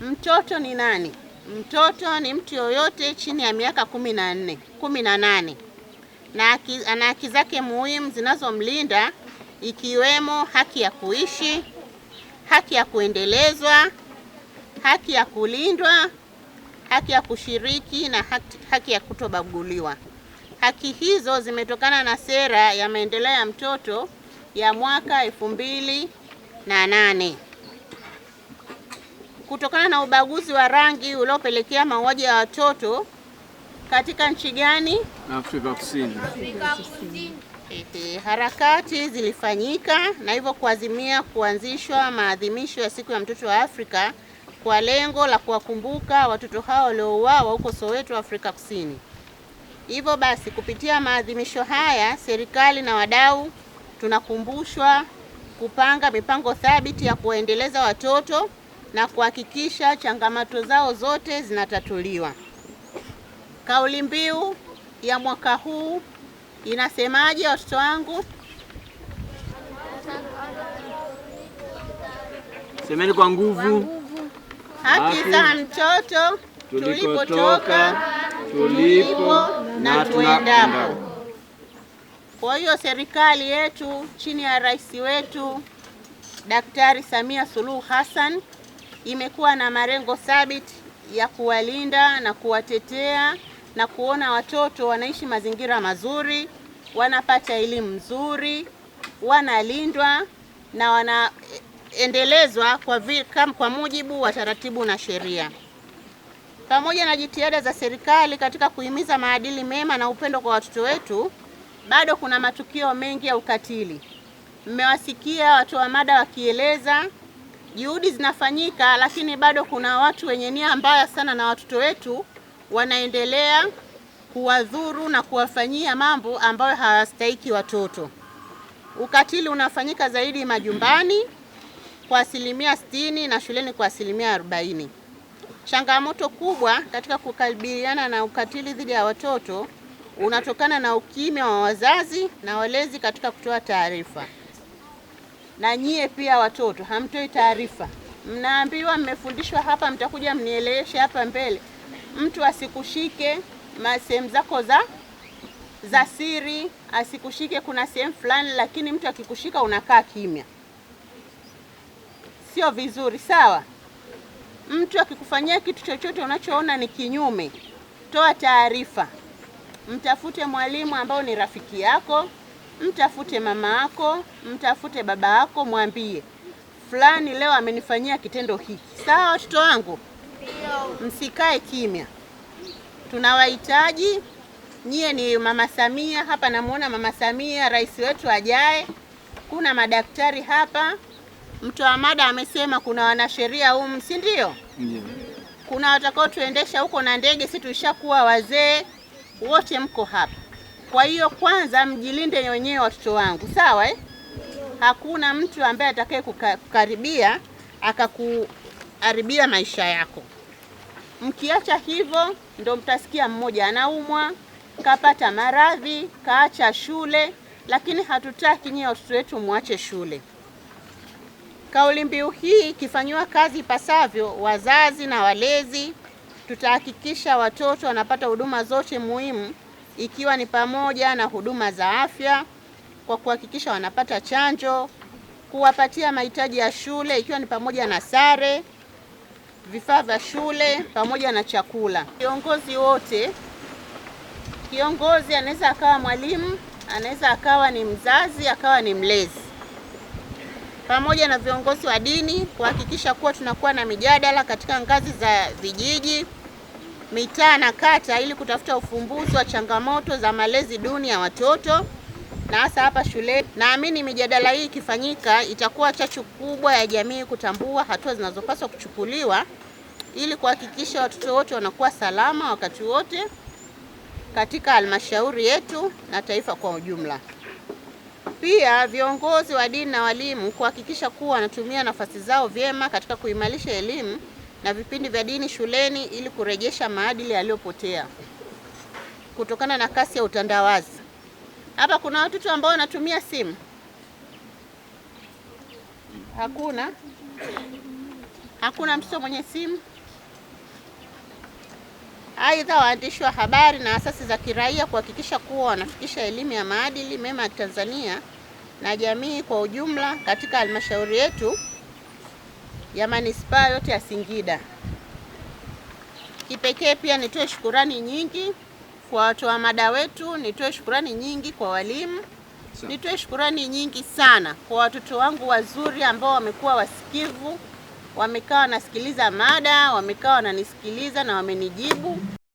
Mtoto ni nani? Mtoto ni mtu yoyote chini ya miaka kumi na nne kumi na nane na ana haki zake muhimu zinazomlinda ikiwemo haki ya kuishi, haki ya kuendelezwa, haki ya kulindwa, haki ya kushiriki na haki, haki ya kutobaguliwa. Haki hizo zimetokana na sera ya maendeleo ya mtoto ya mwaka elfu mbili na nane kutokana na ubaguzi wa rangi uliopelekea mauaji ya watoto katika nchi gani? Afrika Kusini. Afrika harakati zilifanyika na hivyo kuazimia kuanzishwa maadhimisho ya siku ya mtoto wa Afrika kwa lengo la kuwakumbuka watoto hao waliouawa huko Soweto, Afrika Kusini. Hivyo basi, kupitia maadhimisho haya, serikali na wadau tunakumbushwa kupanga mipango thabiti ya kuwaendeleza watoto na kuhakikisha changamoto zao zote zinatatuliwa. Kauli mbiu ya mwaka huu inasemaje, watoto wangu? Semeni kwa nguvu. Haki za mtoto, tulipotoka, tulipo na tuendapo. Kwa hiyo serikali yetu chini ya rais wetu Daktari Samia Suluhu Hassan imekuwa na malengo thabiti ya kuwalinda na kuwatetea na kuona watoto wanaishi mazingira mazuri, wanapata elimu nzuri, wanalindwa na wanaendelezwa kwa, kwa mujibu wa taratibu na sheria. Pamoja na jitihada za serikali katika kuhimiza maadili mema na upendo kwa watoto wetu, bado kuna matukio mengi ya ukatili. Mmewasikia watoa mada wakieleza juhudi zinafanyika, lakini bado kuna watu wenye nia mbaya sana na watoto wetu wanaendelea kuwadhuru na kuwafanyia mambo ambayo hawastahiki watoto. Ukatili unafanyika zaidi majumbani kwa asilimia sitini na shuleni kwa asilimia arobaini. Changamoto kubwa katika kukabiliana na ukatili dhidi ya watoto unatokana na ukimya wa wazazi na walezi katika kutoa taarifa na nyie pia watoto hamtoi taarifa, mnaambiwa mmefundishwa hapa, mtakuja mnieleweshe hapa mbele. Mtu asikushike sehemu zako za za siri, asikushike kuna sehemu fulani, lakini mtu akikushika unakaa kimya, sio vizuri. Sawa, mtu akikufanyia kitu chochote unachoona ni kinyume, toa taarifa, mtafute mwalimu ambao ni rafiki yako mtafute mama yako, mtafute baba yako, mwambie fulani leo amenifanyia kitendo hiki. Sawa watoto wangu, msikae kimya, tunawahitaji nyie. Ni mama Samia hapa, namuona mama Samia rais wetu ajaye. Kuna madaktari hapa, mtoa mada amesema kuna wanasheria humu, si ndio? Kuna watakao tuendesha huko na ndege, si tulishakuwa wazee wote, mko hapa kwa hiyo kwanza mjilinde wenyewe watoto wangu, sawa eh? Hakuna mtu ambaye atakaye kukaribia akakuharibia maisha yako. Mkiacha hivyo, ndo mtasikia mmoja anaumwa, kapata maradhi, kaacha shule, lakini hatutaki nyie watoto wetu mwache shule. Kauli mbiu hii ikifanyiwa kazi ipasavyo, wazazi na walezi tutahakikisha watoto wanapata huduma zote muhimu ikiwa ni pamoja na huduma za afya kwa kuhakikisha wanapata chanjo, kuwapatia mahitaji ya shule ikiwa ni pamoja na sare, vifaa vya shule pamoja na chakula. Viongozi wote, kiongozi anaweza akawa mwalimu, anaweza akawa ni mzazi, akawa ni mlezi, pamoja na viongozi wa dini, kuhakikisha kuwa tunakuwa na mijadala katika ngazi za vijiji mitaa na kata ili kutafuta ufumbuzi wa changamoto za malezi duni ya watoto na hasa hapa shuleni. Naamini mijadala hii ikifanyika itakuwa chachu kubwa ya jamii kutambua hatua zinazopaswa kuchukuliwa ili kuhakikisha watoto wote wanakuwa salama wakati wote katika halmashauri yetu na taifa kwa ujumla. Pia viongozi wa dini na walimu kuhakikisha kuwa wanatumia nafasi zao vyema katika kuimarisha elimu na vipindi vya dini shuleni ili kurejesha maadili yaliyopotea kutokana na kasi ya utandawazi. Hapa kuna watoto ambao wanatumia simu? Hakuna, hakuna mtoto mwenye simu. Aidha, waandishi wa habari na asasi za kiraia kuhakikisha kuwa wanafikisha elimu ya maadili mema ya Tanzania na jamii kwa ujumla katika halmashauri yetu ya manispaa yote ya Singida. Kipekee pia nitoe shukurani nyingi kwa watoa mada wetu, nitoe shukurani nyingi kwa walimu, nitoe shukurani nyingi sana kwa watoto wangu wazuri ambao wamekuwa wasikivu, wamekaa wanasikiliza mada, wamekaa wananisikiliza na wamenijibu.